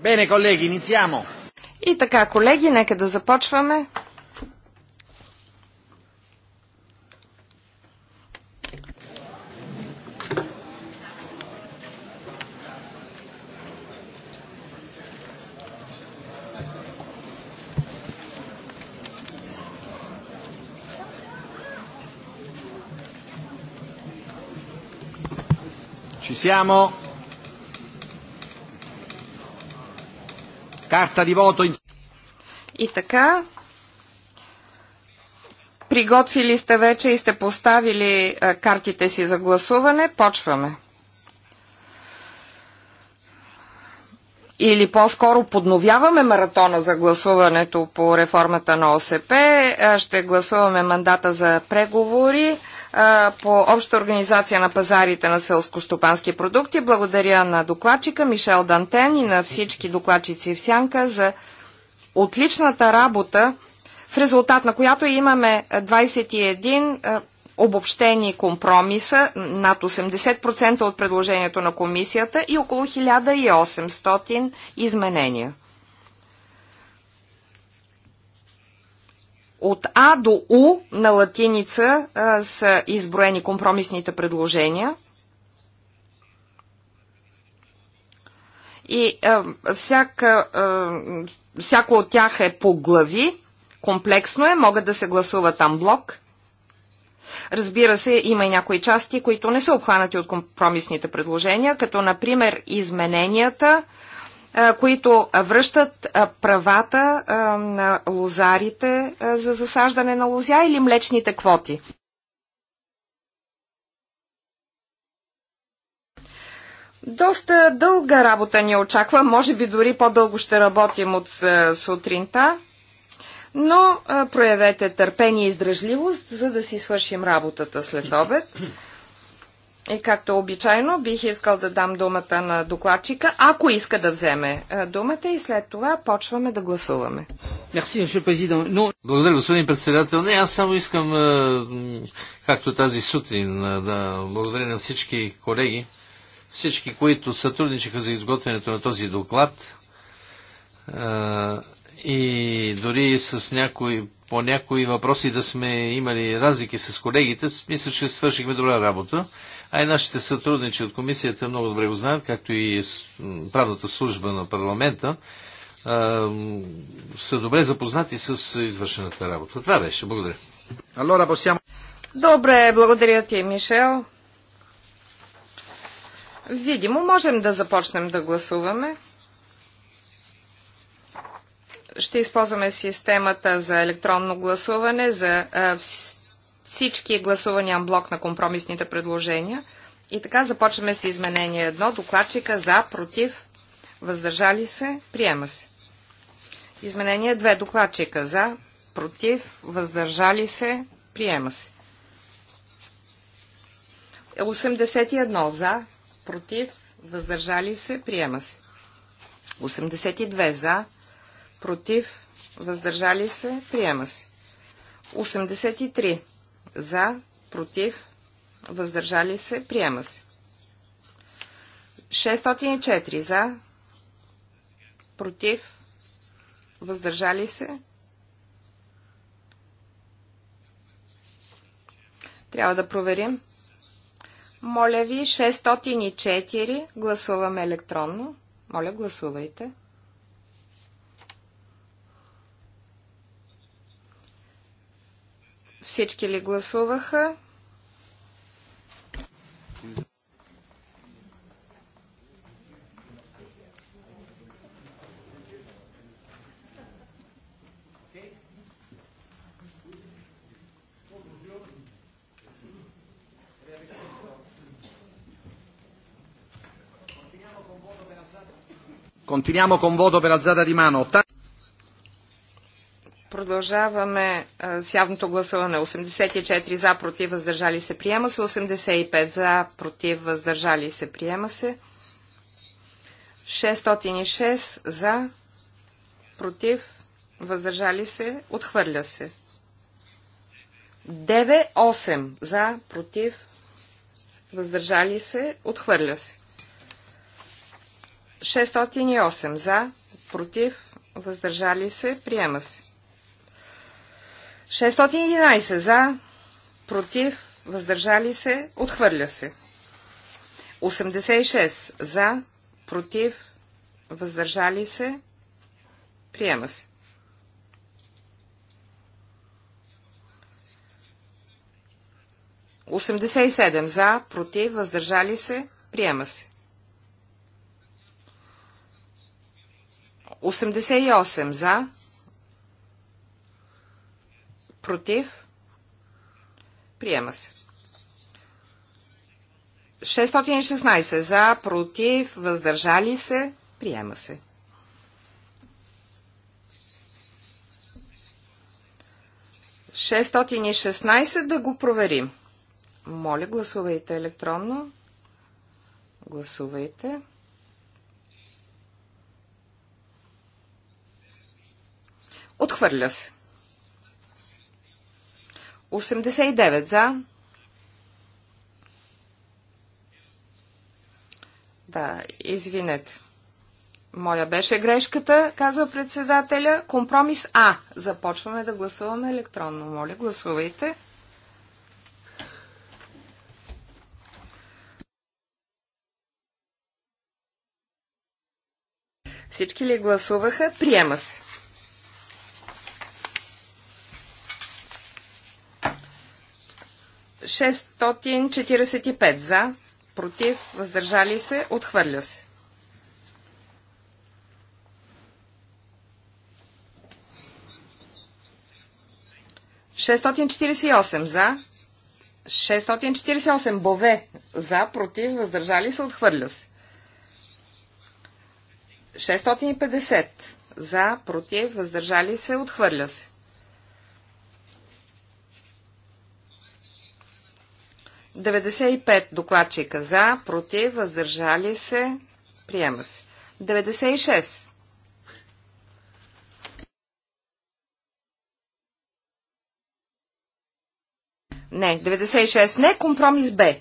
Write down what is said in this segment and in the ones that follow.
Bene, colleghi, iniziamo. И така, колеги, нека да започваме. Ci siamo. Карта di voto. И така, приготвили сте вече и сте поставили картите си за гласуване. Почваме. или по-скоро подновяваме маратона за гласуването по реформата на ОСП. Ще гласуваме мандата за преговори по обща организация на пазарите на стопански продукти. Благодаря на докладчика Мишел Дантен и на всички докладчици в Сянка за отличната работа, в резултат на която имаме 21 обобщени компромиса, над 80% от предложението на комисията и около 1800 изменения. От А до У на латиница а, са изброени компромисните предложения. И а, всяка, а, всяко от тях е по глави. Комплексно е, могат да се гласуват там блок. Разбира се, има и някои части, които не са обхванати от компромисните предложения, като например измененията, които връщат правата на лозарите за засаждане на лозя или млечните квоти. Доста дълга работа ни очаква, може би дори по-дълго ще работим от сутринта, но проявете търпение и издръжливост, за да си свършим работата след обед. И както обичайно, бих искал да дам думата на докладчика, ако иска да вземе е, думата и след това почваме да гласуваме. Благодаря, господин председател. Не, аз само искам, е, както тази сутрин, е, да благодаря на всички колеги, всички, които сътрудничаха за изготвянето на този доклад и дори с някои, по някои въпроси да сме имали разлики с колегите, мисля, че свършихме добра работа. А и нашите сътрудничи от комисията много добре го знаят, както и правната служба на парламента са добре запознати с извършената работа. Това беше. Благодаря. Добре, благодаря ти, Мишел. Видимо, можем да започнем да гласуваме. Ще използваме системата за електронно гласуване за всички гласувания блок на компромисните предложения. И така започваме с изменение 1. Докладчика за, против, въздържали се, приема се. Изменение 2. Докладчика за, против, въздържали се, приема се. 81 е, за, против, въздържали се, приема се. 82 за, против, въздържали се, приема се. 83 за, против, въздържали се, приема се. 604 за, против, въздържали се. Трябва да проверим. Моля ви, 604 гласуваме електронно. Моля, гласувайте. Всички ли гласуваха? Continuiamo con voto per alzata di mano. Продължаваме с явното гласуване. 84 за, против, въздържали се, приема се. 85 за, против, въздържали се, приема се. 606 за, против, въздържали се, отхвърля се. 98 за, против, въздържали се, отхвърля се. 608 за, против, въздържали се, приема се. 611 за, против, въздържали се, отхвърля се. 86 за, против, въздържали се, приема се. Осемдесет и седем за, против, въздържали се, приема се. 88 за, Против. Приема се. 616 за, против, въздържали се. Приема се. 616 да го проверим. Моля, гласувайте електронно. Гласувайте. Отхвърля се. 89 за. Да, извинете. Моя беше грешката, казва председателя. Компромис А. Започваме да гласуваме електронно. Моля, гласувайте. Всички ли гласуваха? Приема се. 645 за, против, въздържали се, отхвърля се. 648 за, 648 бове за, против, въздържали се, отхвърля се. 650 за, против, въздържали се, отхвърля се. 95 докладчика за, против, въздържали се, приема се. 96. Не, 96 не, компромис Б.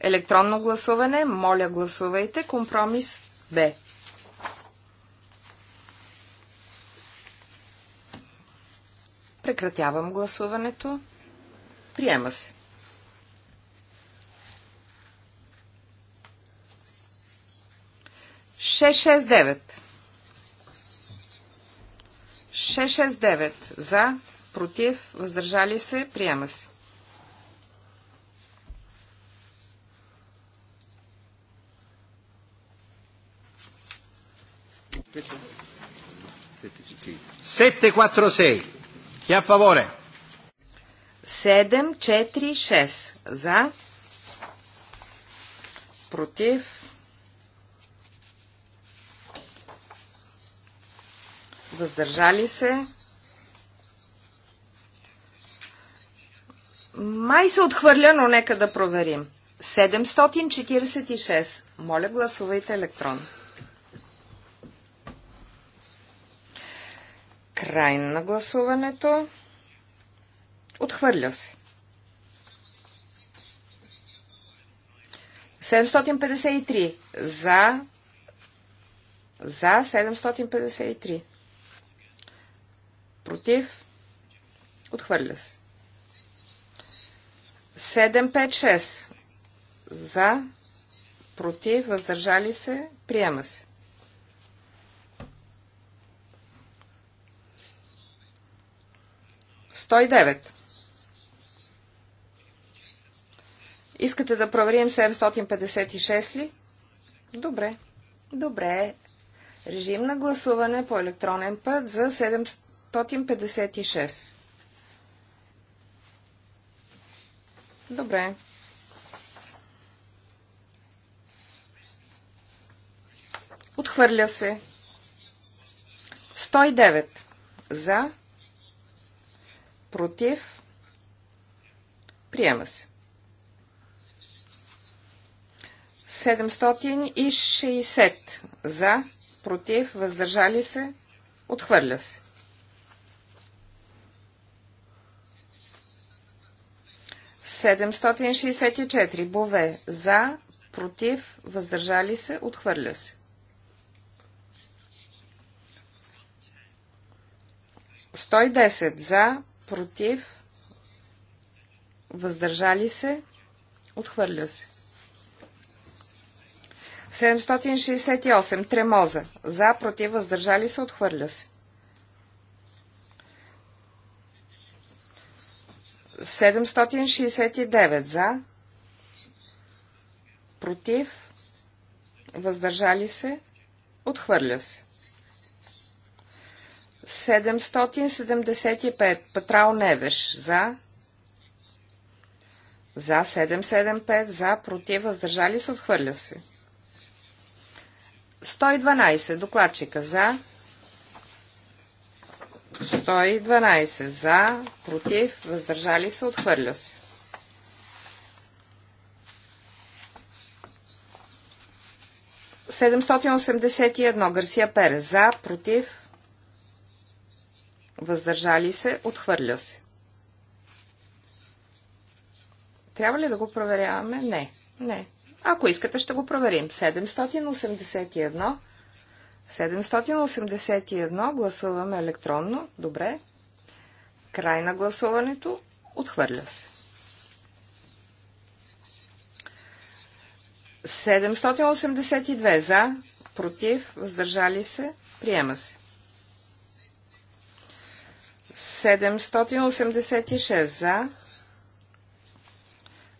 Електронно гласуване, моля гласувайте, компромис Б. Прекратявам гласуването. Приема се. 669. 669 за, против, въздържали се, приема се. Sette кватро сей. Я фаворе. Седем, 7, 4, 6. За. Против. въздържали се. Май се отхвърля, но нека да проверим. 746. Моля, гласувайте електрон. Край на гласуването. Отхвърля се. 753. За. За 753 против, отхвърля се. 756 за, против, въздържали се, приема се. 109. Искате да проверим 756 ли? Добре. Добре. Режим на гласуване по електронен път за 556. Добре. Отхвърля се. 109. За. Против. Приема се. 760. За. Против. Въздържали се. Отхвърля се. 764. Бове. За, против, въздържали се, отхвърля се. 110 за, против, въздържали се, отхвърля се. 768. Тремоза. За, против, въздържали се, отхвърля се. 769 за, против, въздържали се, отхвърля се. 775 Патрал Невеш за, за 775, за, против, въздържали се, отхвърля се. 112 докладчика за, 112 за, против, въздържали се, отхвърля се. Седемстотин Гарсия Перес за, против, въздържали се, отхвърля се. Трябва ли да го проверяваме? Не, не. Ако искате, ще го проверим. 781 781 гласуваме електронно. Добре. Край на гласуването. Отхвърля се. 782 за, против, въздържали се, приема се. 786 за,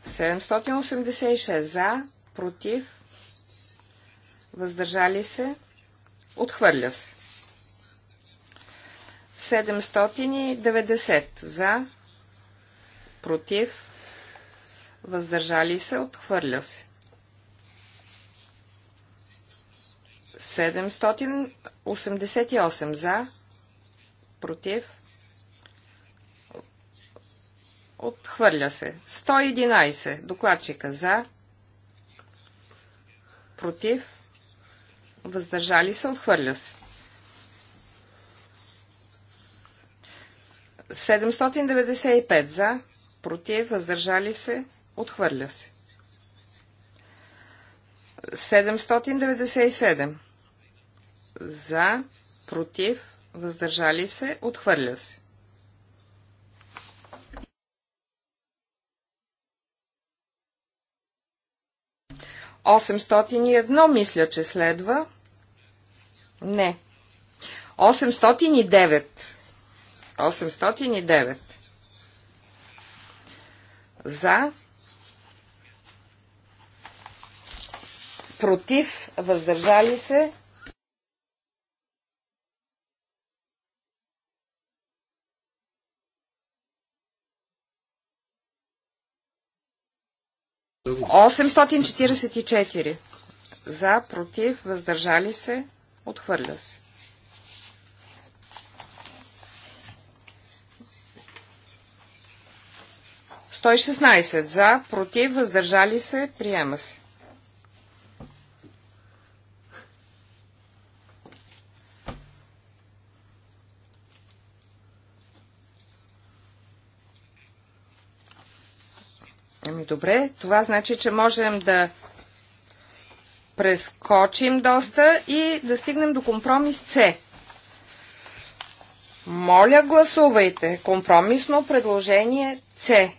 786 за, против, въздържали се, Отхвърля се. 790 за, против, въздържали се, отхвърля се. 788 за, против, отхвърля се. 111 докладчика за, против, въздържали се, отхвърля се. 795 за, против, въздържали се, отхвърля се. 797 за, против, въздържали се, отхвърля се. Осемстотин и едно мисля, че следва. Не. 809. 809. За. Против. Въздържали се. Осемстотин четиридесет и четири. За, против, въздържали се. Отхвърля се. Той 16 за, против, въздържали се, приема се. Ами добре, това значи, че можем да прескочим доста и да стигнем до компромис С. Моля, гласувайте. Компромисно предложение С.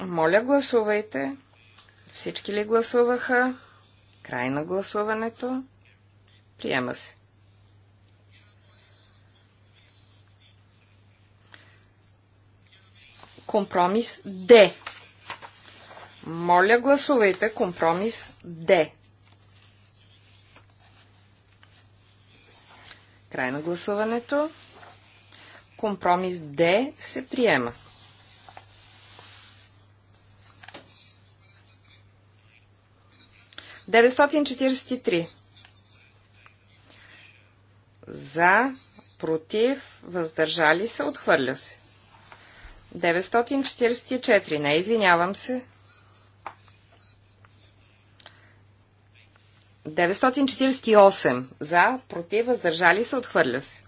Моля, гласувайте. Всички ли гласуваха? Край на гласуването. Приема се. Компромис Д. Моля, гласувайте компромис Д. Край на гласуването. Компромис Д се приема. Деветстотин За, против, въздържали се, отхвърля се. 944. Не, извинявам се. 948 за, против, въздържали се, отхвърля се.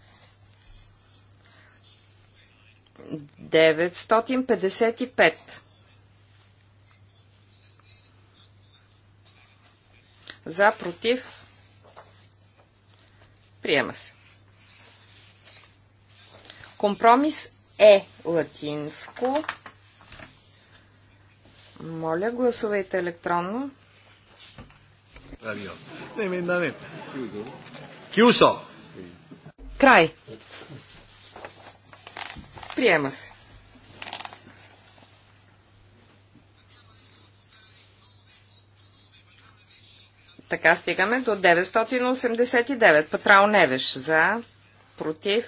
955 за, против, приема се. Компромис е латинско. Моля, гласувайте електронно. Contrario. L'emendamento. Chiuso. Chiuso. Край. Приема се. Така стигаме до 989. Патрал Невеш за, против.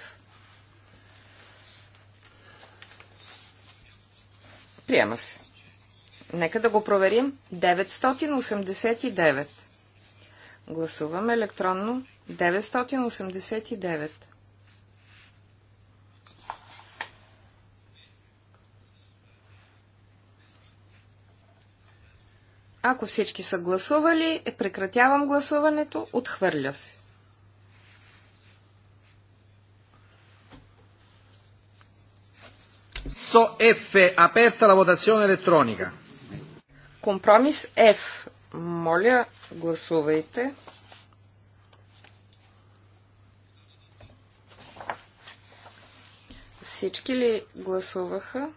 Приема се. Нека да го проверим. 989. Гласуваме електронно 989. Ако всички са гласували, е, прекратявам гласуването, отхвърля се. So F, aperta la votazione elettronica. Компромис F. Моля, гласувайте. Всички ли гласуваха?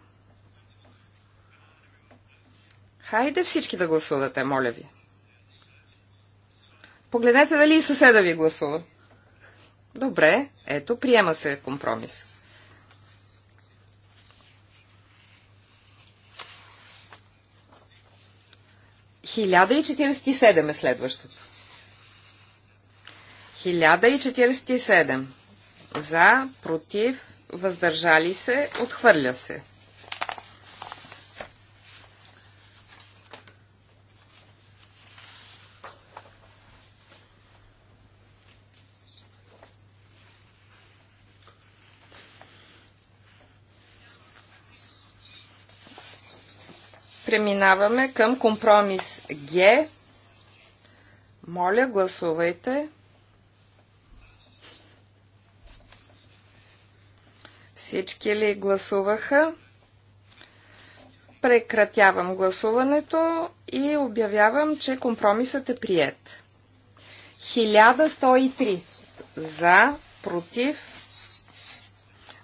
Хайде всички да гласувате, моля ви. Погледнете дали и съседа ви гласува. Добре, ето, приема се компромис. 1047 е следващото. 1047. За, против, въздържали се, отхвърля се. Преминаваме към компромис Г. Моля, гласувайте. Всички ли гласуваха? Прекратявам гласуването и обявявам, че компромисът е прият. 1103 за, против,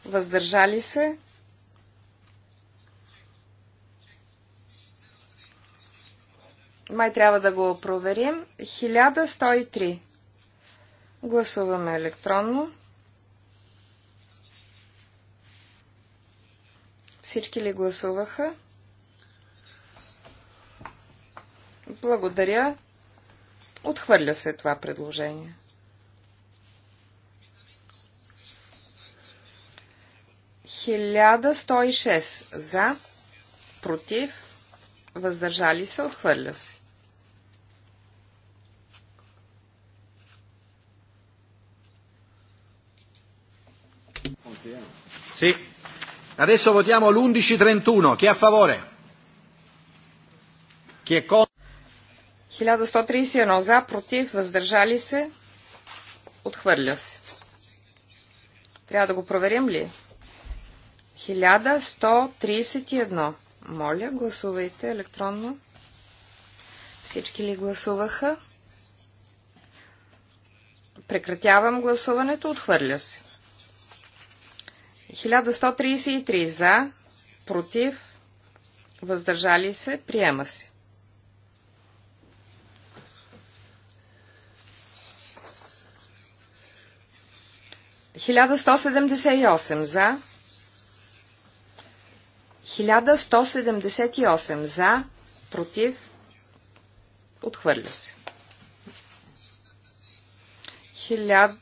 въздържали се Май трябва да го проверим. 1103. Гласуваме електронно. Всички ли гласуваха? Благодаря. Отхвърля се това предложение. Хиляда сто и шест за, против, въздържали се, отхвърля се. Sì. Adesso votiamo l'1131. Chi è a favore? Chi è contro? 1131 за, против, въздържали се, отхвърля се. Трябва да го проверим ли? 1131. Моля, гласувайте електронно. Всички ли гласуваха? Прекратявам гласуването, отхвърля се. 1133 за, против, въздържали се, приема се. Хиляда сто седемдесет и осем за. Хиляда сто седемдесет и осем за. Против. Отхвърля се. Хиляда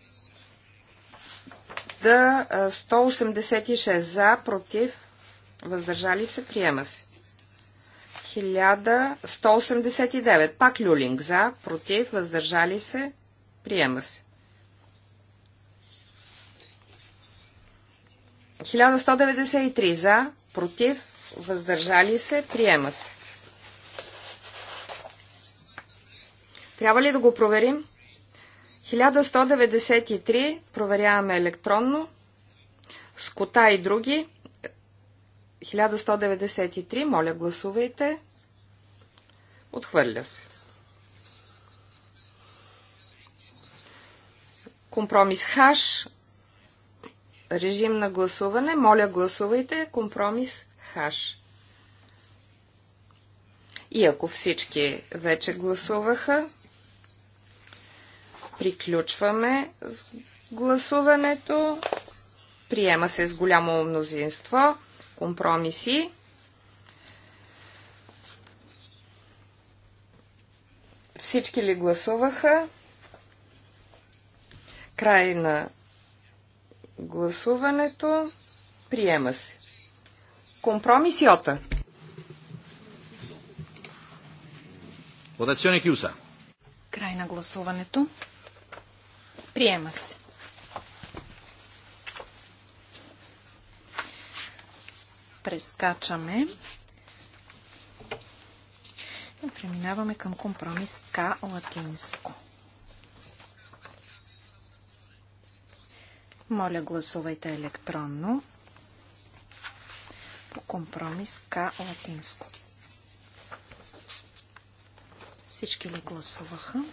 186 за, против, въздържали се, приема се. 1189, пак люлинг за, против, въздържали се, приема се. 1193 за, против, въздържали се, приема се. Трябва ли да го проверим? 1193 проверяваме електронно. Скота и други. 1193, моля гласувайте. Отхвърля се. Компромис ХАШ. Режим на гласуване. Моля гласувайте. Компромис ХАШ. И ако всички вече гласуваха, приключваме с гласуването. Приема се с голямо мнозинство. Компромиси. Всички ли гласуваха? Край на гласуването. Приема се. Компромисиота. Йота. Votazione chiusa. Край на гласуването. Приема се. Прескачаме. И преминаваме към компромис К латинско. Моля, гласувайте електронно по компромис К латинско. Всички ли гласуваха?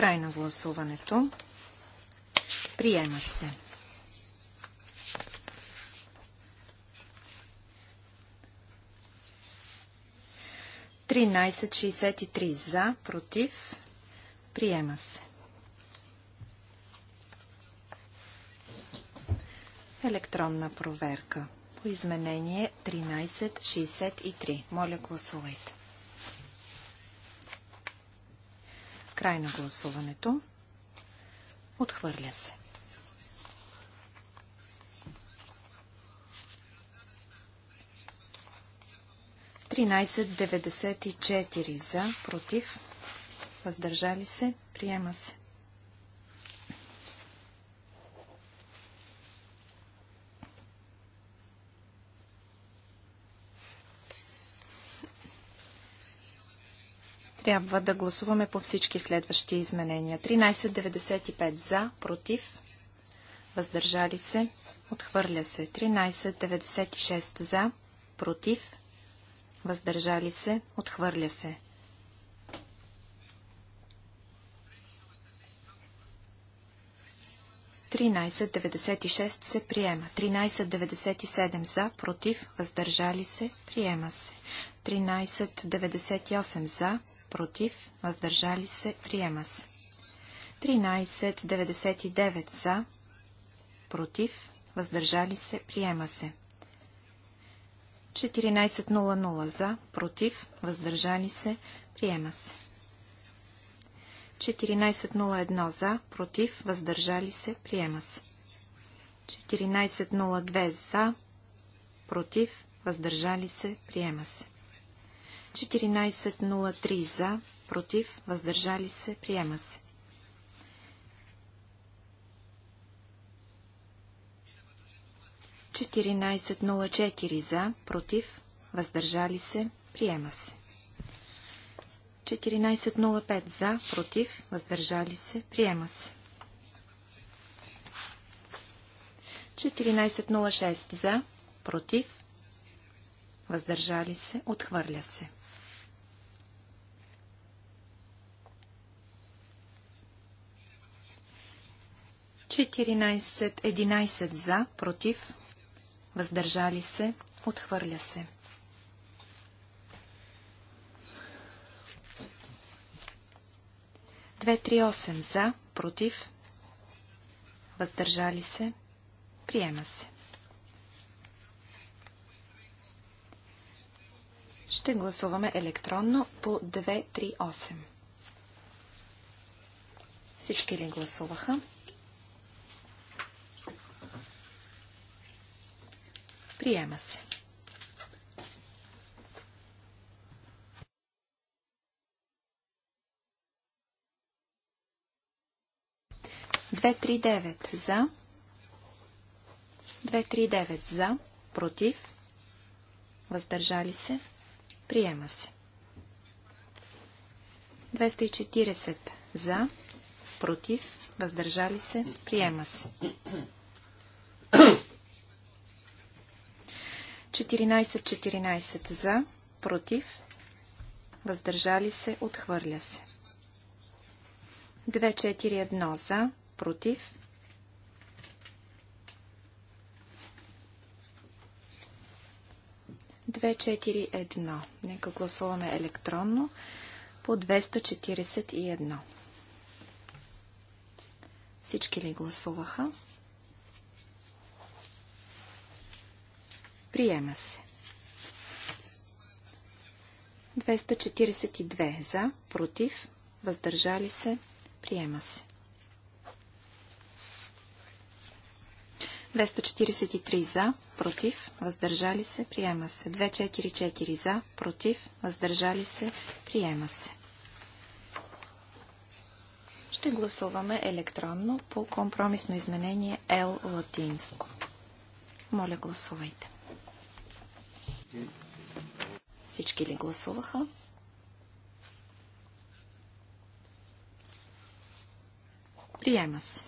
Край на гласуването. Приема се. Тринайсет шестьдесят и три за, против. Приема се. Електронна проверка по изменение 1363. Моля, гласувайте. Край на гласуването. Отхвърля се. Тринайсет за, против, въздържали се, приема се. Трябва да гласуваме по всички следващи изменения. 13.95 за, против, въздържали се, отхвърля се. 13.96 за, против, въздържали се, отхвърля се. 1396 се приема. 1397 за, против, въздържали се, приема се. 1398 за, против, въздържали се, приема се. 13.99 за, против, въздържали се, приема се. 14.00 за, против, въздържали се, приема се. 14.01 за, против, въздържали се, приема се. 14.02 за, против, въздържали се, приема се. 14.03 за, против, въздържали се, приема се. Четиринайсет за, против, въздържали се, приема се. 14.05 за, против, въздържали се, приема се. 14.06 за, против, въздържали се, отхвърля се. 14.07 14, 11 за, против, въздържали се, отхвърля се. Две, три, осем за, против, въздържали се, приема се. Ще гласуваме електронно по 238. Всички ли гласуваха? Приема се. Две, три, девет за. Две, три, девет за. Против. Въздържали се. Приема се. 240 за. Против. Въздържали се. Приема се. 14-14 за, против, въздържали се, отхвърля се. 2-4-1 за, против. 2-4-1. Нека гласуваме електронно по 241. Всички ли гласуваха? Приема се. 242 за, против, въздържали се, приема се. 243 за, против, въздържали се, приема се. 244 за, против, въздържали се, приема се. Ще гласуваме електронно по компромисно изменение L латинско. Моля, гласувайте. Всички ли гласуваха? Приема се.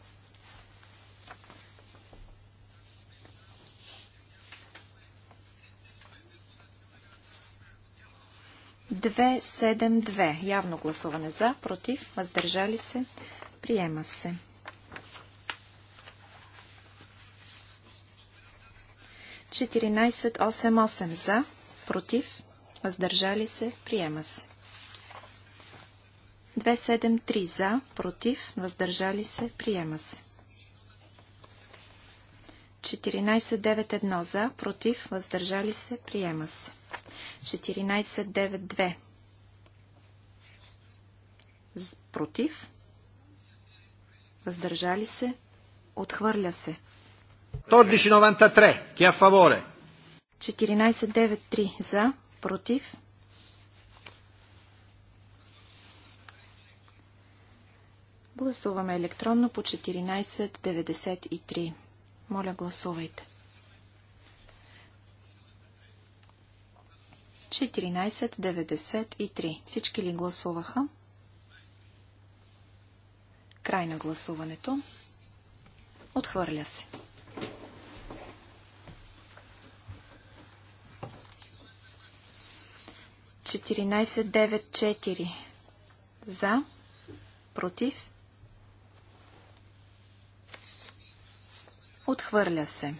Две, седем, две. Явно гласуване за, против, въздържали се. Приема се. 1488 за, против, въздържали се, приема се. 273 за, против, въздържали се, приема се. 1491 за, против, въздържали се, приема се. 1492 против, въздържали се, отхвърля се. 1493 1493. Chi è a favore? 1493 за, против. Гласуваме електронно по 1493. Моля, гласувайте. 1493. Всички ли гласуваха? Край на гласуването. Отхвърля се. 1494 за, против, отхвърля се.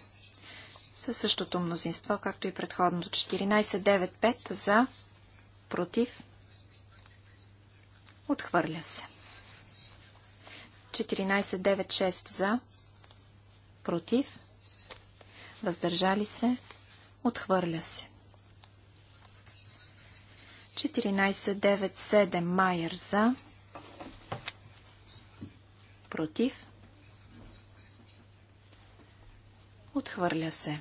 Със същото мнозинство, както и предходното. 1495 за, против, отхвърля се. 1496 за, против, въздържали се, отхвърля се. 1497 Майер за. Против. Отхвърля се.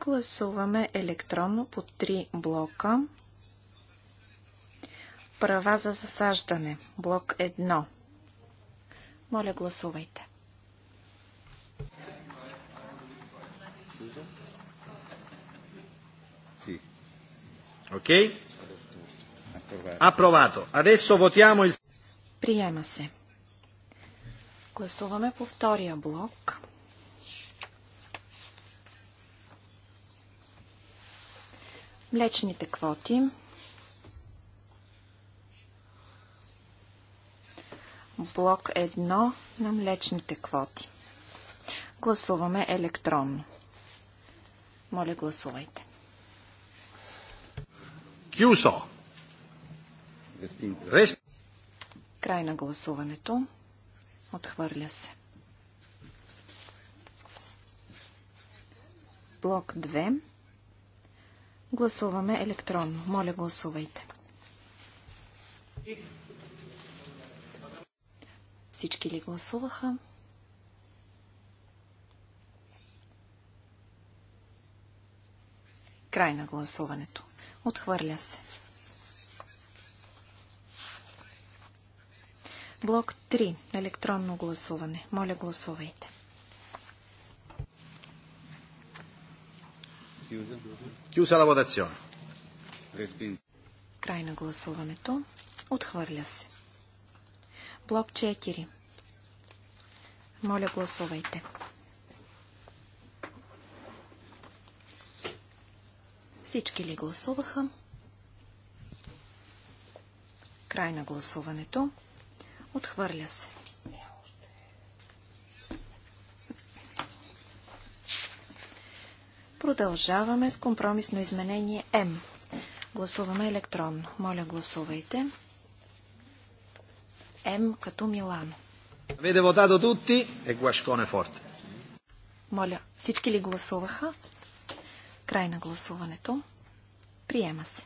Гласуваме електронно по три блока. Права за засаждане. Блок 1. Моля, гласувайте. Приема се. Гласуваме по втория блок. Млечните квоти. Млечните квоти. блок 1 на млечните квоти. Гласуваме електронно. Моля, гласувайте. Кюсо. Край на гласуването. Отхвърля се. Блок 2. Гласуваме електронно. Моля, гласувайте. Всички ли гласуваха? Край на гласуването. Отхвърля се. Блок 3. Електронно гласуване. Моля, гласувайте. Край на гласуването. Отхвърля се. Блок 4. Моля, гласувайте. Всички ли гласуваха? Край на гласуването. Отхвърля се. Продължаваме с компромисно изменение М. Гласуваме електронно. Моля, гласувайте. Гласувайте. М като Милано. Avete votato tutti е e Гуашконе forte. Моля, всички ли гласуваха? Край на гласуването. Приема се.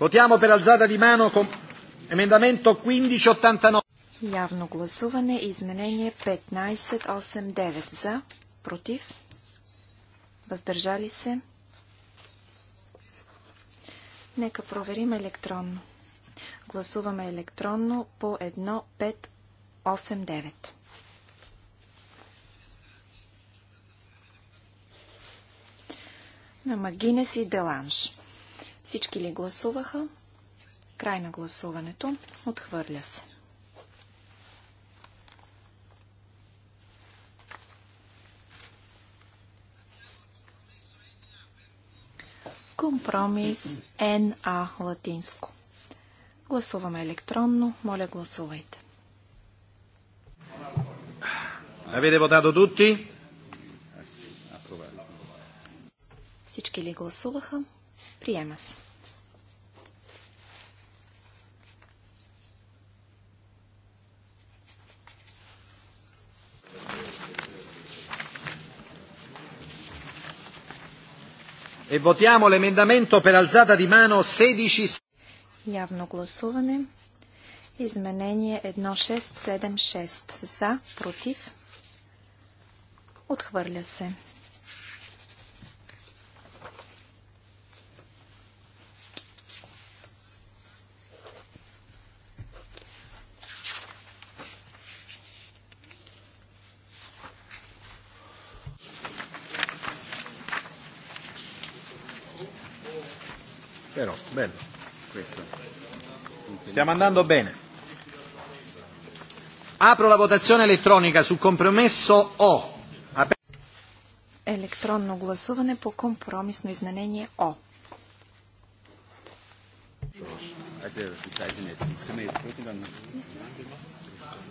Votiamo per alzata di mano con emendamento 1589. Явно гласуване. Изменение 1589. За. Против. Въздържали се. Нека проверим електронно. Гласуваме електронно по 1589. На Магинес и Деланш. Всички ли гласуваха? Край на гласуването. Отхвърля се. Компромис НА латинско. Гласуваме електронно. Моля, гласувайте. Avete votato tutti? Всички ли гласуваха? Приема се. E votiamo l'emendamento per alzata di mano 16. Явно гласуване. Изменение 1676. За, против. Отхвърля се. Però, bello questo. Stiamo andando bene. Apro la votazione elettronica sul compromesso O. Електронно гласуване по компромисно изменение О.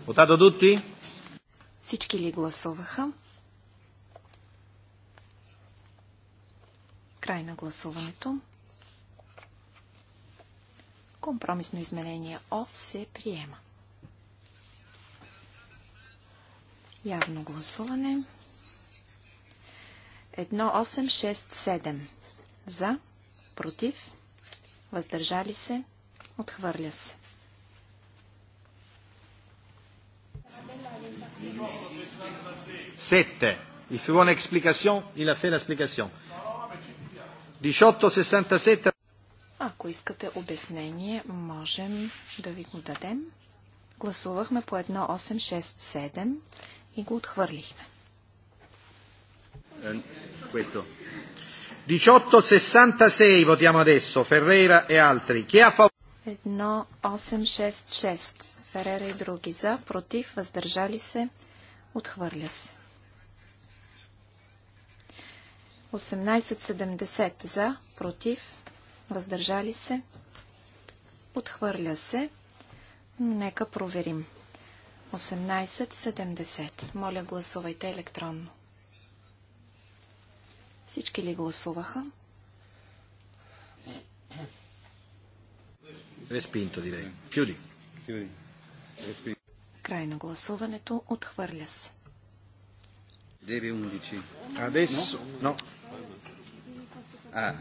Votato tutti? Всички ли гласуваха? Край на гласуването. Компромисно изменение О се приема. Явно гласуване. 1867. За, против, въздържали се, отхвърля се. Сете. Il faut une explication, il a fait l'explication. 1867. Ако искате обяснение, можем да ви го дадем. Гласувахме по 1867 и го отхвърлихме. 1866, votiamo adesso, Ferreira e altri. Chi ha favore? 1866, Ферера и други за, против, въздържали се, отхвърля се. 1870 за, против, въздържали се, отхвърля се, нека проверим. 18.70. Моля, гласувайте електронно. Всички ли гласуваха? Респинто, дирей. Край на гласуването. Отхвърля се. 9.11. Adesso... No. no. Ah,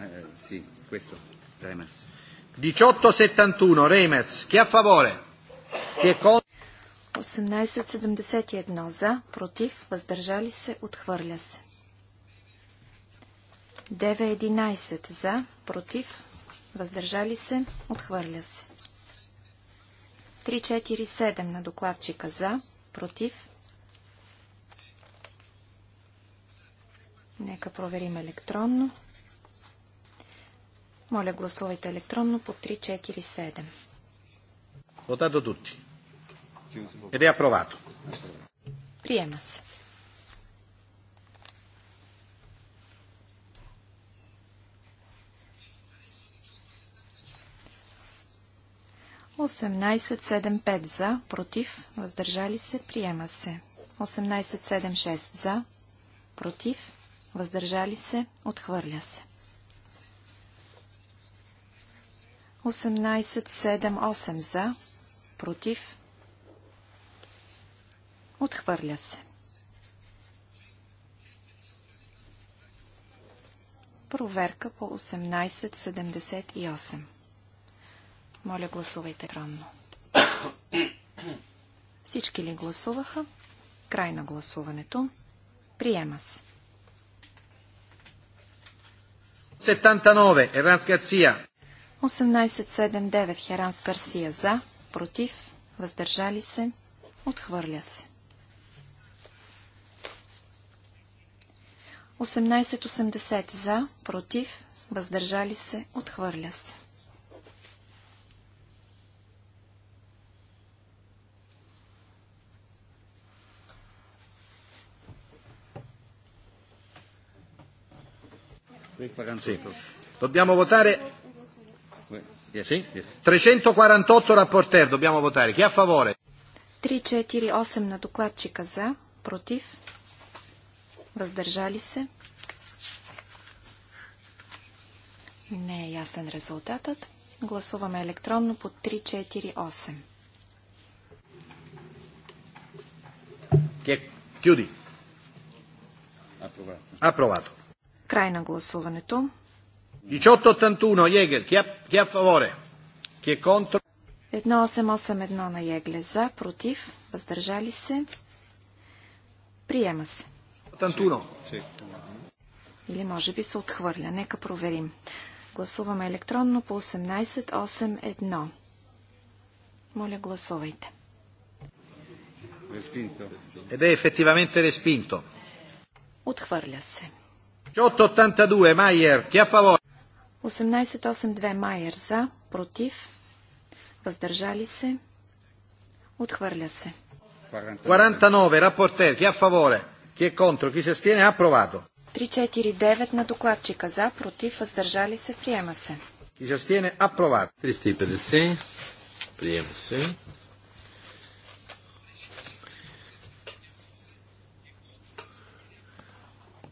questo. Remers. 1871 Chi a favore? Chi è contro? 1871 за, против, въздържали се, отхвърля се. 911 за, против, въздържали се, отхвърля се. 347 на докладчика за, против. Нека проверим електронно. 347. Моля, гласувайте електронно по 347. Votato tutti. Ed Приема се. Осемнайсет седем пет за, против, въздържали се, приема се. Осемнайсет седем шест за, против, въздържали се, отхвърля се. 18-7-8 за, против, отхвърля се. Проверка по 1878. Моля, гласувайте ранно. Всички ли гласуваха? Край на гласуването. Приема се. 79. Еранс Гарсия. 1879 Херанс Гарсия за, против, въздържали се, отхвърля се. 1880 за, против, въздържали се, отхвърля се. 348 рапортер. Добямо вотари. Кя фаворе? 348 на докладчика за, против, въздържали се. Не е ясен резултатът. Гласуваме електронно по 348. Кюди. Апровато. Край на гласуването. 1881 Егер. Chi è a favore? Chi è contro? 1881 на Егле за, против, въздържали се. Приема се. 81. Или може би се отхвърля. Нека проверим. Гласуваме електронно по 1881. Моля, гласувайте. Отхвърля се. 1882, Майер, chi a favore? 1882 Майер за, против, въздържали се, отхвърля се. 49 рапортер, ки а е фаворе, ки е контро, ки се стине, апровато. 349 на докладчика за, против, въздържали се, приема се. Ки се стине, апровато. 350, приема се.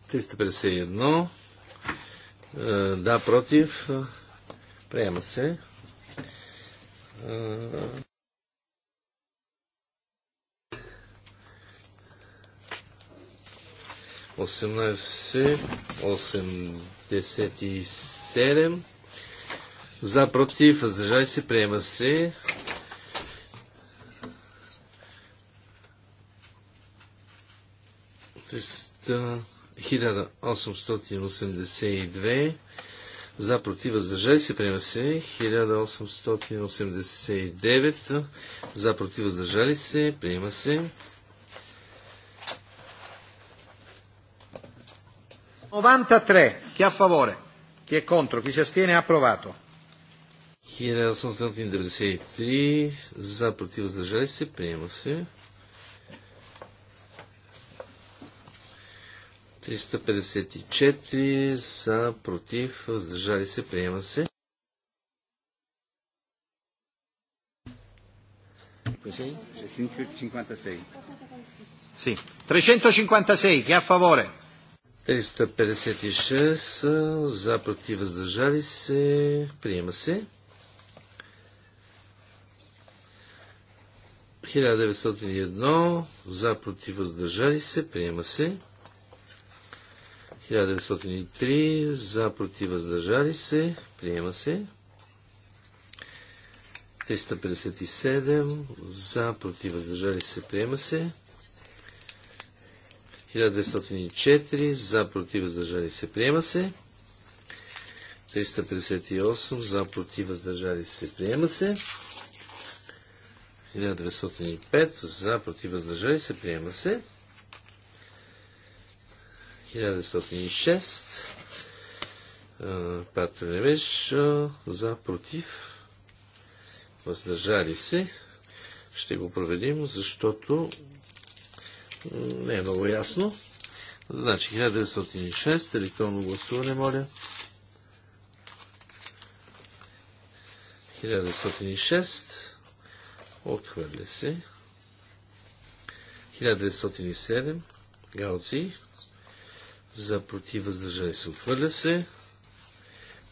Триста е, да, против. Приема се. Е, Осемнадесет, седем. За, против, въздържай се, приема се. Триста... 1882 за против въздържали се приема се 1889 за против въздържали се приема се 93 chi a favore chi è contro chi si astiene approvato 1893 за против въздържали се приема се 354 са против, въздържали се, приема се. 356. Sì, 356, chi è a favore? 356 за против въздържали се, приема се. 1901 за против въздържали се, приема се. 1903 за против въздържали се. Приема се. 357 за против въздържали се. Приема се. 1904 за против въздържали се. Приема се. 358 за против въздържали се. Приема се. 1905 за против въздържали се. Приема се. 1906. не беше за против. Въздържали се. Ще го проведим, защото не е много ясно. Значи 1906, електронно гласуване, моля. 1906, отхвърля се. 1907, галци, за против въздържали се отхвърля се.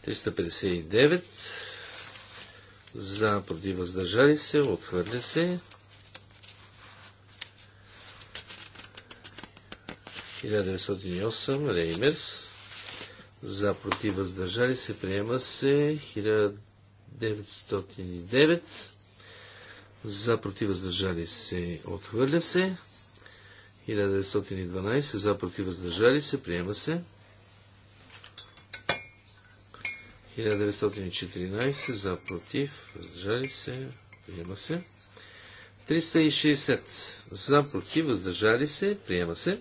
359 за против въздържали се отхвърля се. 1908 Реймерс за против въздържали се приема се 1909 за против въздържали се отхвърля се 1912 за против въздържали се, приема се. 1914 за против въздържали се, приема се. 360 за против въздържали се, приема се.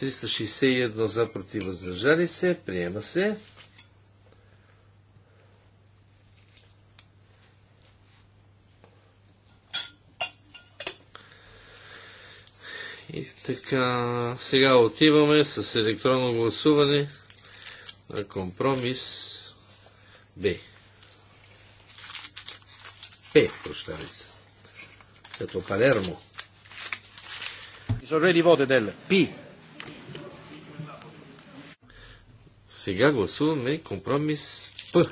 361 за против въздържали се, приема се. Така, сега отиваме с електронно гласуване на компромис Б. П, прощавайте. Като Палермо. Сега гласуваме компромис П.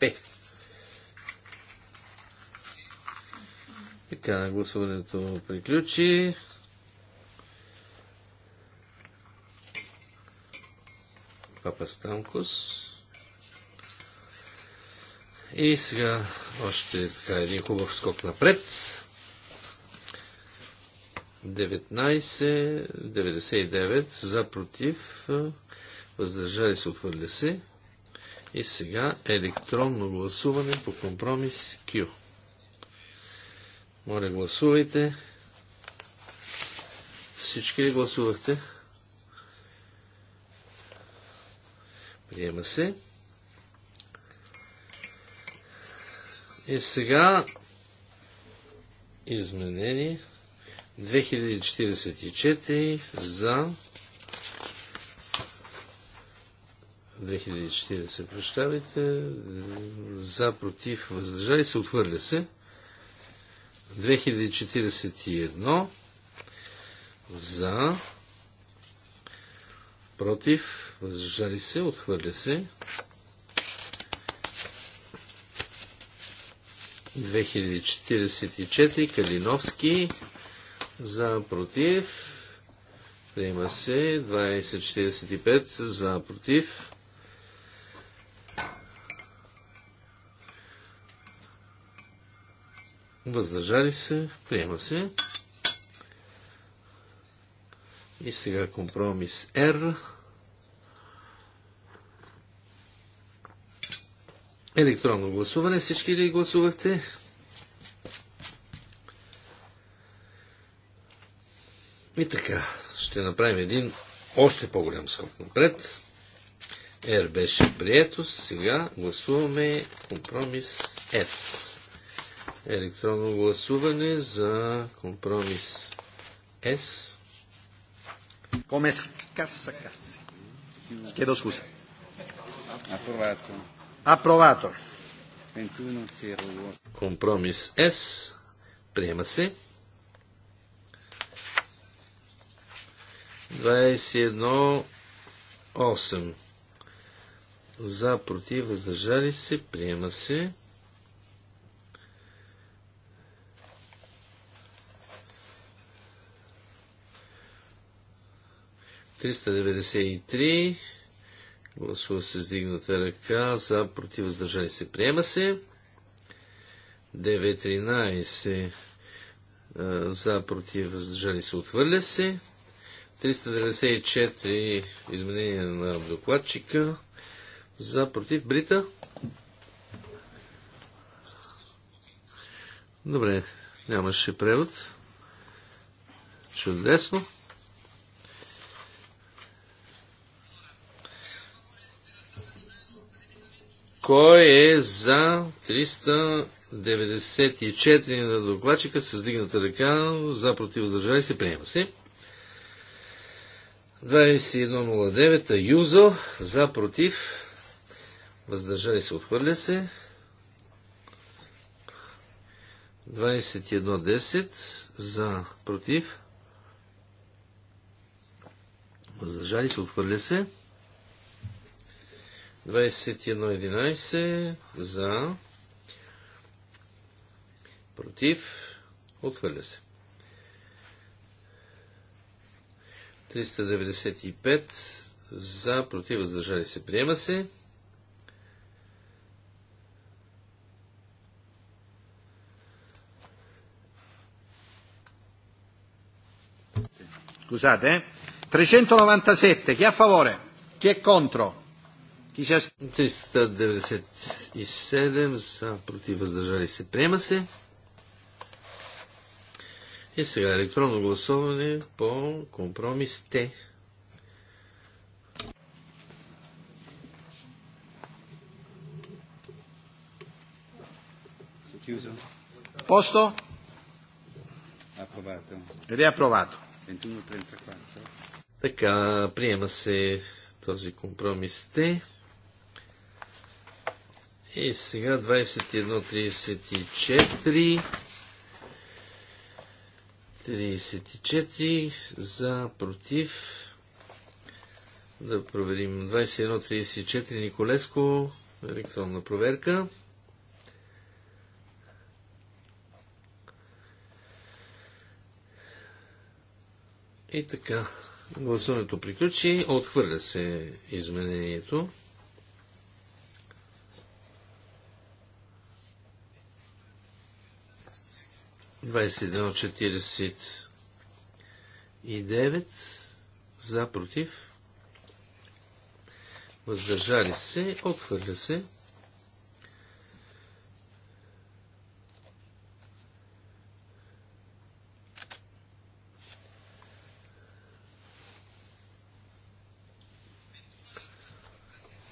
П. Така, гласуването приключи. Папа Станкос. И сега още така един хубав скок напред. 19.99 за против, въздържали се, отвърля се. И сега електронно гласуване по компромис Q. Моля, гласувайте. Всички ли гласувахте? Приема се. И сега изменени 2044 за 2040, прощавайте, за, против, въздържали се, отхвърля се. 2041 за, против, въздържали се, отхвърля се. 2044 Калиновски за против. Приема се 2045 за против. Въздържали се. Приема се. И сега компромис R Електронно гласуване. Всички ли гласувахте? И така, ще направим един още по-голям скок напред. R беше прието, сега гласуваме компромис S. Електронно гласуване за компромис S. Come scassa cazzi. Chiedo scusa. Approvato. Approvato. Компромис С. Приема се. 21.8. За, против, въздържали се. Приема се. Триста деветдесет и три. Гласува се с дигната ръка. За, против, въздържали се. Приема се. 9.13. За, против, въздържали се. Отвърля се. 394 изменение на докладчика. За, против, Брита. Добре, нямаше превод. Чудесно. Кой е за 394 на докладчика с дигната ръка за против въздържали се? Приема се. 2109 Юзо за против въздържали се, отхвърля се. 21.10 за против. Въздържали се, отхвърля се. 21.11 за против отхвърля се. 395 за против въздържали се приема се. Scusate, 397. Eh? Chi è a favore? Chi è contro? 397 за против въздържали се. Приема се. И сега електронно гласуване по компромис Т. Posto? Approvato. Riapprovato. 21 Така, приема се този компромис Т. И сега 21.34. 34 за против. Да проверим. 21.34 Николеско. Електронна проверка. И така. Гласуването приключи. Отхвърля се изменението. 21.49 за против. Въздържали се, отхвърля се.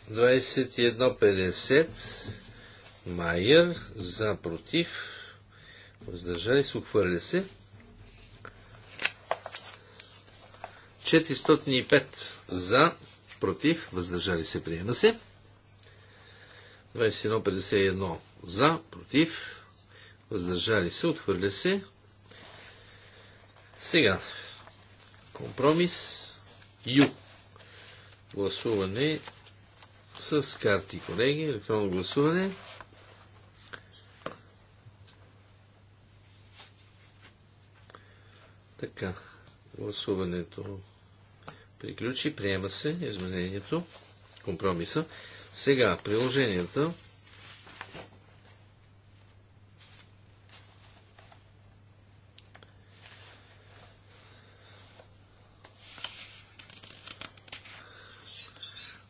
Двадесет и едно петдесет Майер за против въздържали се, отхвърля се. 405 за, против, въздържали се, приема се. 2151 за, против, въздържали се, отхвърля се. Сега, компромис Ю. Гласуване с карти, колеги, електронно гласуване. Така, гласуването приключи, приема се изменението, компромиса. Сега, приложенията.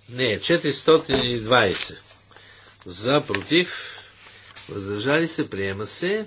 Не, 420. За, против, въздържали се, приема се.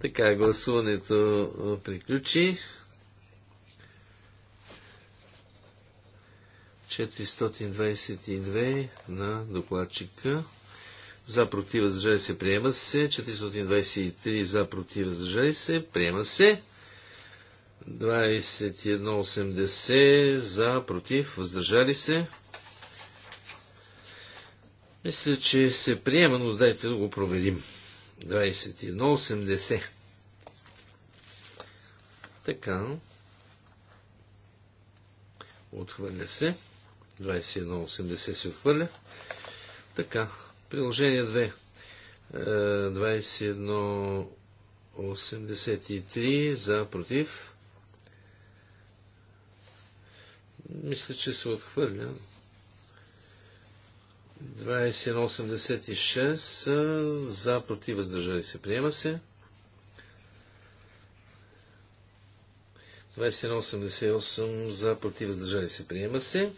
Така, гласуването приключи. 422 на докладчика. За против въздържали се приема се. 423 за против въздържали се приема се. 2180 за против въздържали се. Мисля, че се приема, но дайте да го проверим. 21.80. Така. Отхвърля се. 21.80 се отхвърля. Така. Приложение 2. 21.83 е, за против. Мисля, че се отхвърля. 2186 за, против, въздържали се, приема се. 2188 за, против, въздържали се, приема се.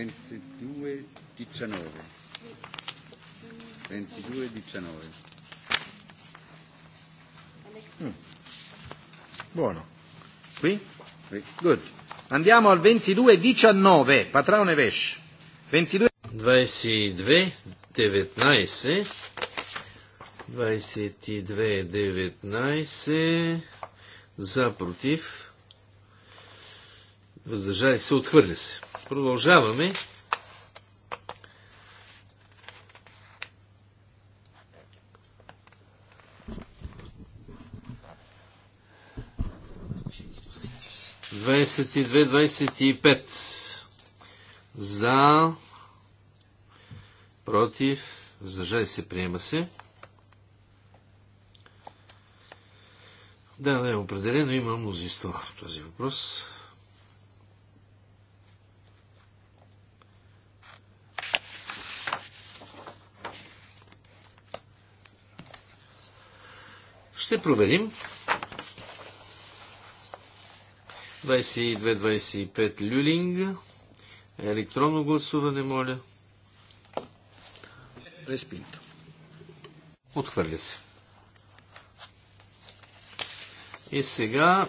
Ventidue diciannove. Ventidue diciannove. Mm. Buono. Qui? Qui. Good. Andiamo al 22.19, 19 Patraone Vesh. 22... 22-19. 22-19. За, против. Въздържали се, отхвърля се. Продължаваме. 22-25. За. Против. Въздържали се. Приема се. Да, да, определено има мнозинство в този въпрос. Ще проверим. 22-25 люлинг. Електронно гласуване, моля. Респинто. Отхвърля се. И сега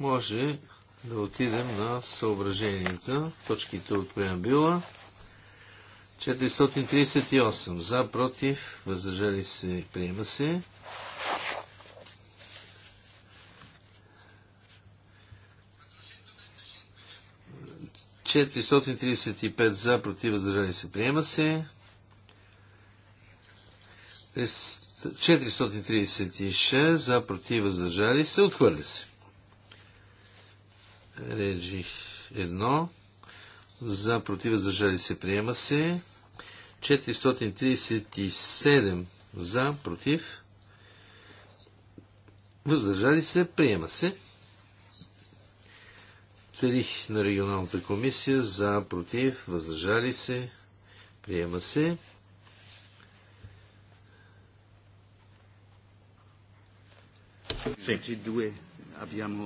може да отидем на съображенията, точките от преамбила. 438. За, против, въздържали се, приема се. 435 за, против, въздържали се, приема се. 436 за, против, въздържали се, отхвърля се. Реджи 1 за, против, въздържали се, приема се. 437 за, против, въздържали се, приема се. 3 на регионалната комисия за, против, въздържали се, приема се. Sì. 2 abbiamo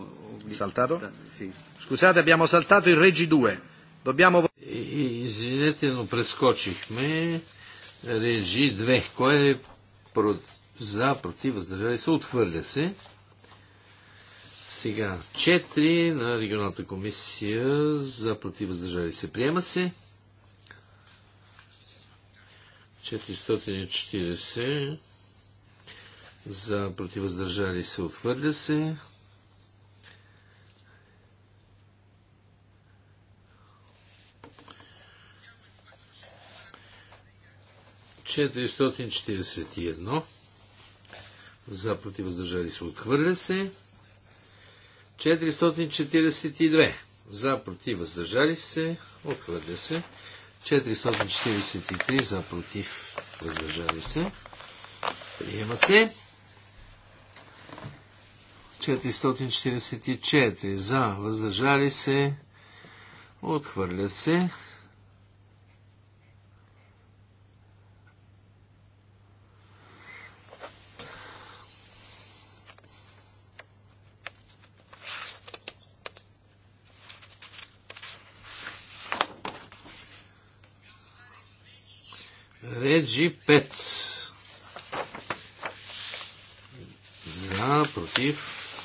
saltato? Sì. Scusate, abbiamo saltato il Regi 2. Dobbiamo... Извинете, но прескочихме Режи 2. Кой е про... за, против, въздържали се, отхвърля се. Сега 4 на регионалната комисия за против въздържали се. Приема се. 440 за против въздържали се. Отвърля се. Четиристотин за против въздържали се. Отхвърля се. 442. За, против, въздържали се. Отхвърля се. 443 за, против, въздържали се. Приема се. 444 за, въздържали се. Отхвърля се. Реджи 5. За, против,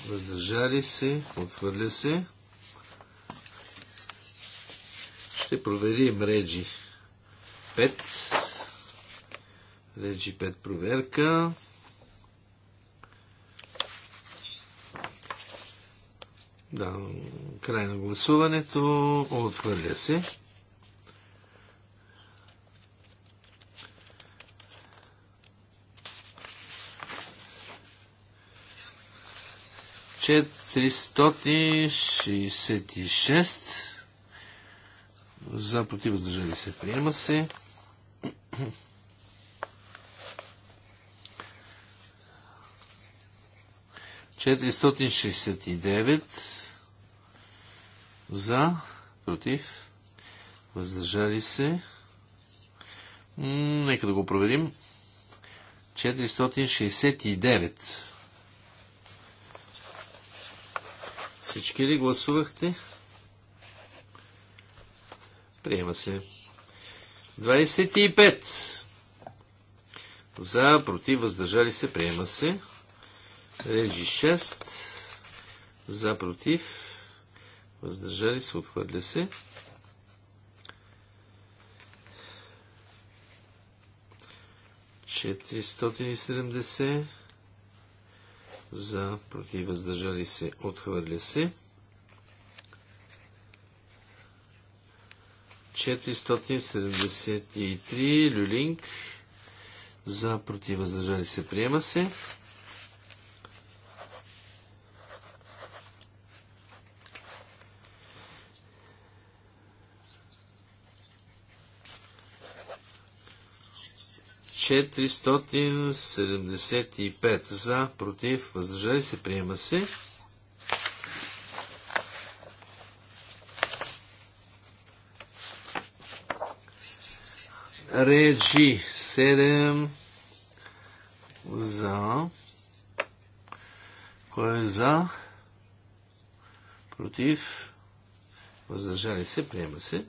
въздържали се, отхвърля се. Ще проверим Реджи 5. Реджи 5 проверка. Да, край на гласуването. Отхвърля се. 466 за против въздържали се приема се. Четиристотин за против въздържали се. Нека да го проверим. 469. Всички ли гласувахте? Приема се. 25. За, против, въздържали се, приема се. Режи 6. За, против, въздържали се, отхвърля се. Четиристотин за против въздържали се, отхвърля се. 473 люлинг за против въздържали се, приема се. 475 за, против, въздържали се, приема се. Реджи 7 за. Кой е за? Против? Въздържали се, приема се.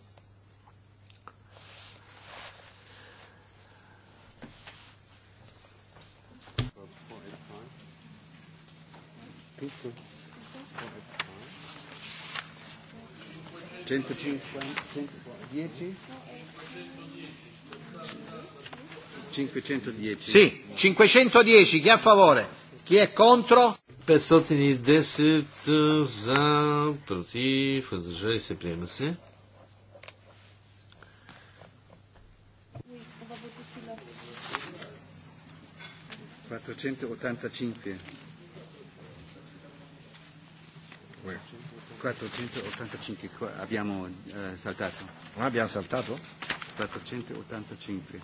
110? 510. Sì, 510, chi è a favore? Chi è contro? 510 за, против, въздържали се, приема се. 485 qua abbiamo eh, saltato. Non abbiamo saltato? 485.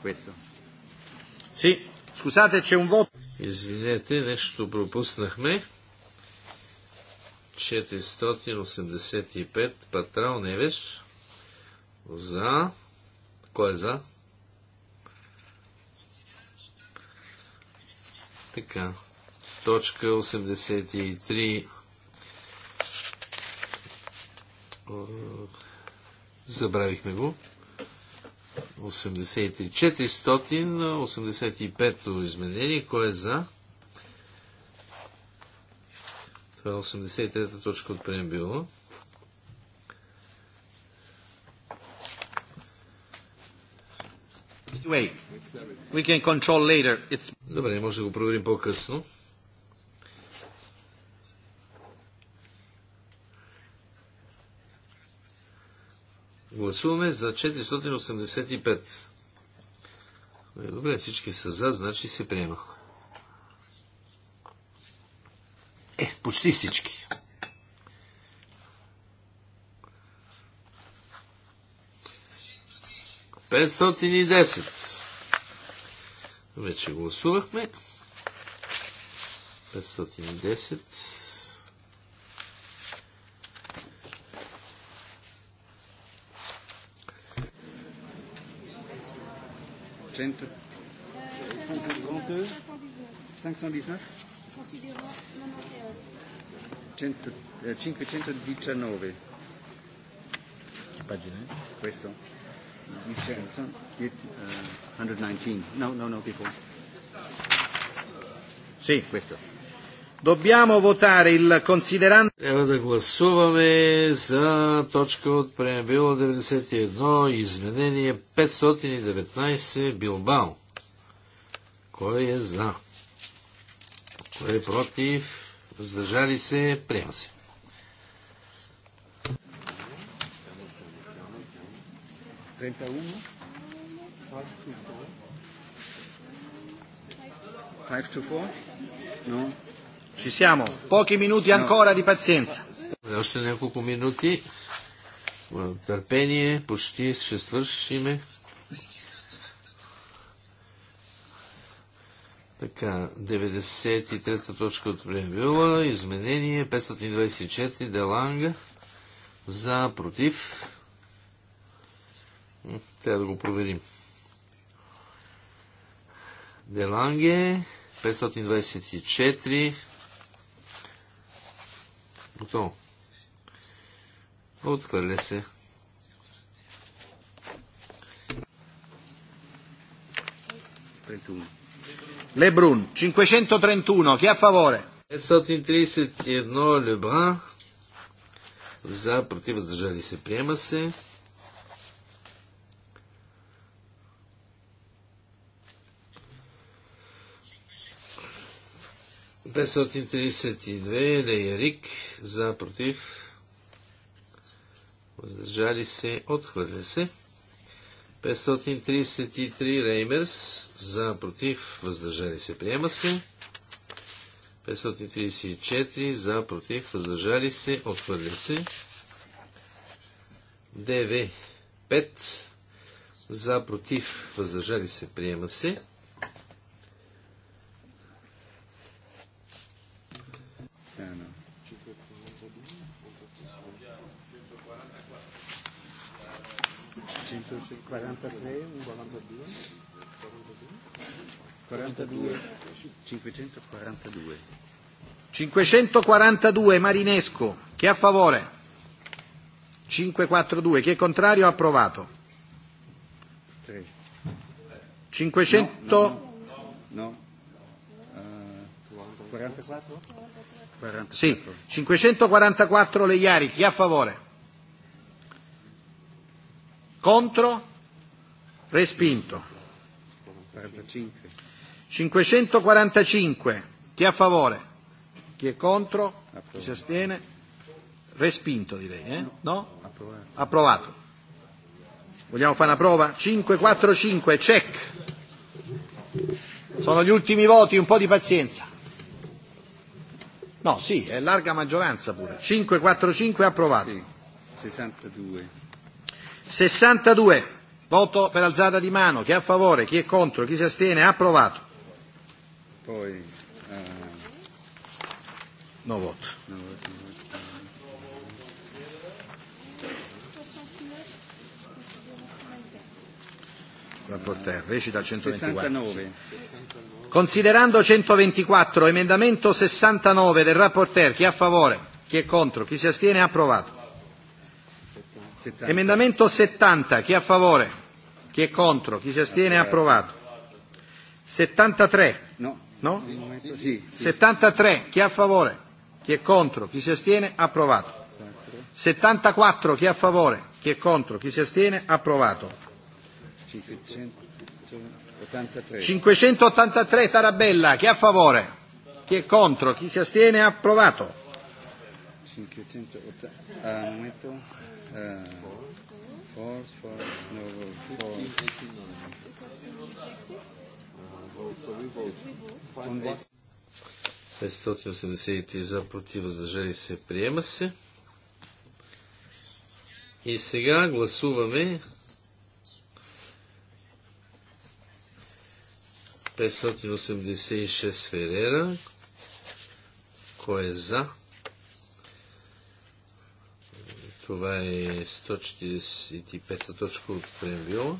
Questo. Sì, scusate, c'è un voto. Извинете, нещо пропуснахме. 485 Патрал Невеш за... Кой е за? Така. Точка 83 забравихме го. 83. 485 изменение. Кой е за? Това е 83-та точка от преембила. Добре, може да го проверим по-късно. Гласуваме за 485. Е, добре, всички са за, значи се приема. Е, почти всички. Петстотин и десет. Вече гласувахме. 510. Gente. 522. 519. Considérant 91. 519. Pagina. Questo. 119. No, no, no, people. Sì, questo. Dobbiamo votare il considerando... Трябва да гласуваме за точка от преамбила 91, изменение 519 Билбао. Кой е за? Кой е против? Въздържали се? Приема се. Five to four? No. Ci siamo. Pochi minuti ancora di pazienza. Още няколко минути. Е, търпение, почти ще свършиме. Така, 93-та точка от преамбюла, изменение 524, Деланга, за, против. Трябва да го проверим. Деланге, 524, отново. Отхвърля се. Лебрун, 531, chi a favore? 531, Лебрун. За, против, въздържали се, приема се. 532 Лейерик за против. Въздържали се. Отхвърля се. 533 Реймерс за против. Въздържали се. Приема се. 534 за против. Въздържали се. Отхвърля се. 9 5 за против. Въздържали се. Приема се. 43, 42. 42. 542. 542 Marinesco, chi è a favore? 542, chi è contrario? Approvato. 500. No. no, no. 44? Sì, 544 Leiari, chi è a favore? Contro? Respinto. 545. Chi è a favore? Chi è contro? Chi si astiene? Respinto direi, eh? No? Approvato. Vogliamo fare una prova? 545, check. Sono gli ultimi voti, un po' di pazienza. No, sì, è larga maggioranza pure. 545 approvato. Sì, 62. 62. Voto per alzata di mano. Chi è a favore? Chi è contro? Chi si astiene? Approvato. Poi, eh... No voto. No voto. recita 129. Considerando 124, emendamento 69 del rapporter, chi è a favore? Chi è contro? Chi si astiene? Approvato. 70. Emendamento 70, chi è a favore? Chi è contro? Chi si astiene? Approvato. 73. No. No? Sì, 73. Chi è a favore? Chi è contro? Chi si astiene? Approvato. 74. Chi è a favore? Chi è contro? Chi si astiene? Approvato. 583. Tarabella. Chi è a favore? Chi è contro? Chi si astiene? Approvato. 580 no vote. 583 за, против, въздържали се, приема се. И сега гласуваме 586 Ферера. Кой е за? Това е 145-та точка от преамбила.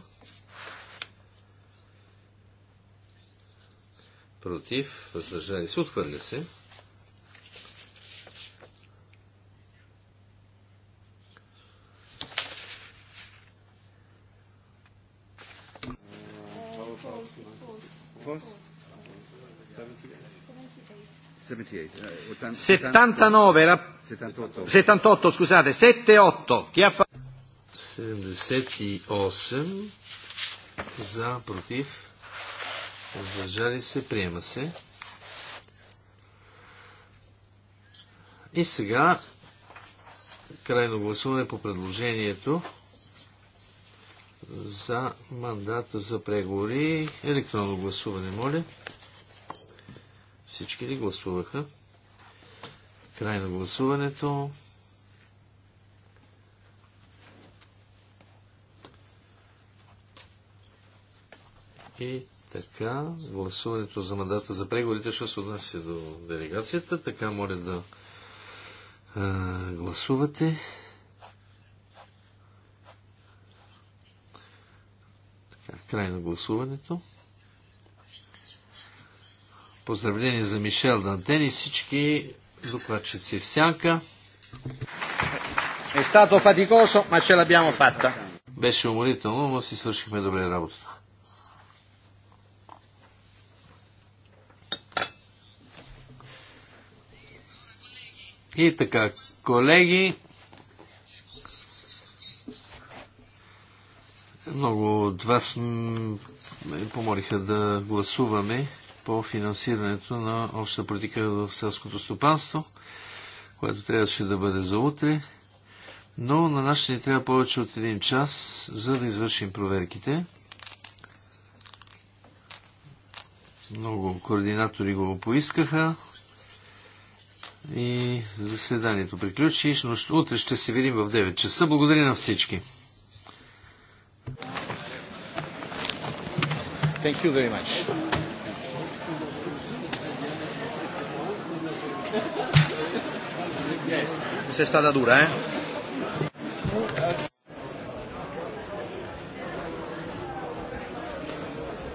Против, въздържали се, отхвърля се. 79, 78, scusate, 78, chi ha fa... 78 за, против, въздържали се, приема се. И сега крайно гласуване по предложението за мандата за преговори. Електронно гласуване, моля. Всички ли гласуваха? Край на гласуването. И така, гласуването за мандата за преговорите ще се отнася до делегацията. Така моля да а, гласувате. Така, край на гласуването. Поздравление за Мишел Дантен и всички докладчици в сянка. Е стато фатикосо, ма ce l'abbiamo fatta. Беше уморително, но си свършихме добре работата. И така, колеги, много от вас ме помолиха да гласуваме по финансирането на общата политика в селското стопанство, което трябваше да бъде за утре. Но на нас ще ни трябва повече от един час, за да извършим проверките. Много координатори го поискаха. И заседанието приключи, но утре ще се видим в 9 часа. Благодаря на всички. Thank you very much. es stata dura, eh?